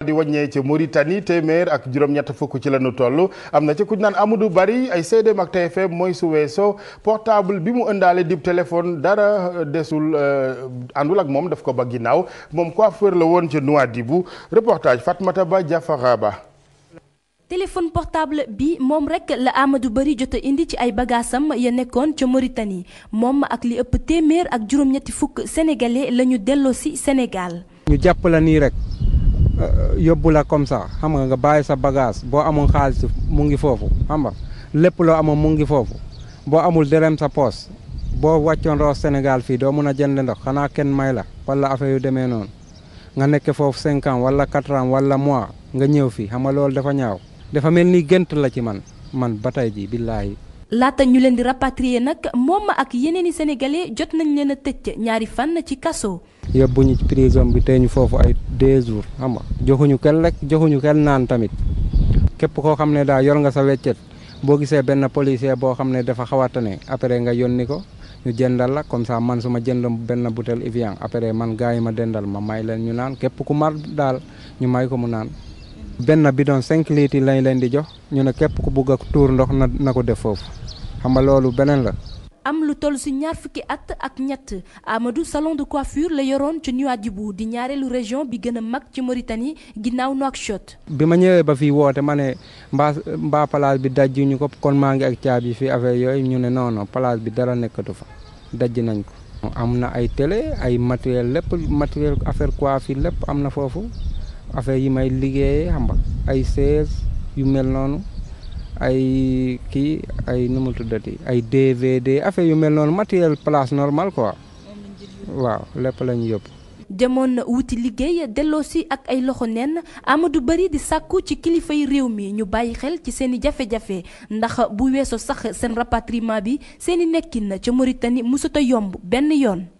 di waññee ci Mauritanie téeméer ak juróom-ñett fukk ci lañu toll am na ci ku ñu naan Amadou Bari ay seedeem ak TFM mooy su weesoo portable bi mu indaale dib téléphone dara euh, desul euh, àndul ak moom daf ko ba ginnaaw moom coiffeur la woon ca Nouadhibou reportage Fatmata Ba Diafara Ba téléphone portable bi moom rek la Amadou Bari jot a indi ci ay bagaasam ya nekkoon ca Mauritanie moom ak li ëpp téeméer ak juróom-ñetti fukk sénégalais lañu ñu delloo si Sénégal. ñu jàpp nii rek. Euh, yóbbu la comme ça xam nga nga bàyyi sa bagage boo amul xaalis mu ngi foofu xam nga lépp loo amoon mu ngi foofu boo amul dërëm sa poos boo wàccoon roos Sénégal fii doo mun a jënd ndox xanaa kenn may la walla affaire yu demee noonu nga nekke foofu cinq ans wala quatre ans wala mois nga ñëw fii xam nga loolu dafa ñaaw dafa mel ni gënt la ci man man ba tey jii billaahi laata ñu leen di rapatrier nag moom ak yeneen i sénégalais jot nañ leen a tëj ñaari fan ci kaso. yóbbuñu ci prison bi tey ñu foofu ay deux jours xam nga joxuñu kenn lekk joxuñu kenn naan tamit képp koo xam ne daa yor nga sa weccet boo gisee benn policier boo xam ne dafa xawata ne après nga yónni ko ñu jëndal la comme ça man su ma jënd benn butel Evian après man gars yi ma dendal ma may leen ñu naan képp ku mar daal ñu may ko mu naan. benn bidon cinq litres lañ leen di jox ñu ne képp ku bugg a tuur ndox na na ko def foofu xam nga loolu beneen la. am lu toll si ñaar fukki at ak ñett Amadou salon de coiffure la yoroon ci Nouadhibou di ñaareelu région bi gëna a mag ci Mauritanie ginnaaw Nouakchott. bi ma ñëwee ba fii woote ma ne mbaa mbaa bi daj ñu ko kon maa ngi ak caabi fii affaire yooyu ñu ne noonu non bi dara nekkatu fa daj nañ ko. am na ay télé ay matériel lépp matériel affaire coiffure lépp am na foofu affaire yi may liggéeyee xam nga ay chaise yu mel noonu. ay kii ay nu mu tuddati ay DVD affaire yu mel noonu matériel place normal quoi waaw lépp lañu ñu yóbbu. demoon na wuti liggéey delloosi ak ay loxo nen Amadou Bari di sàkku ci kilifay réew mi ñu bàyyi xel ci seen i jafe-jafe ndax bu weesoo sax seen rapatriement bi seen i nekkin ca Mauritanie mësut a yomb benn yoon.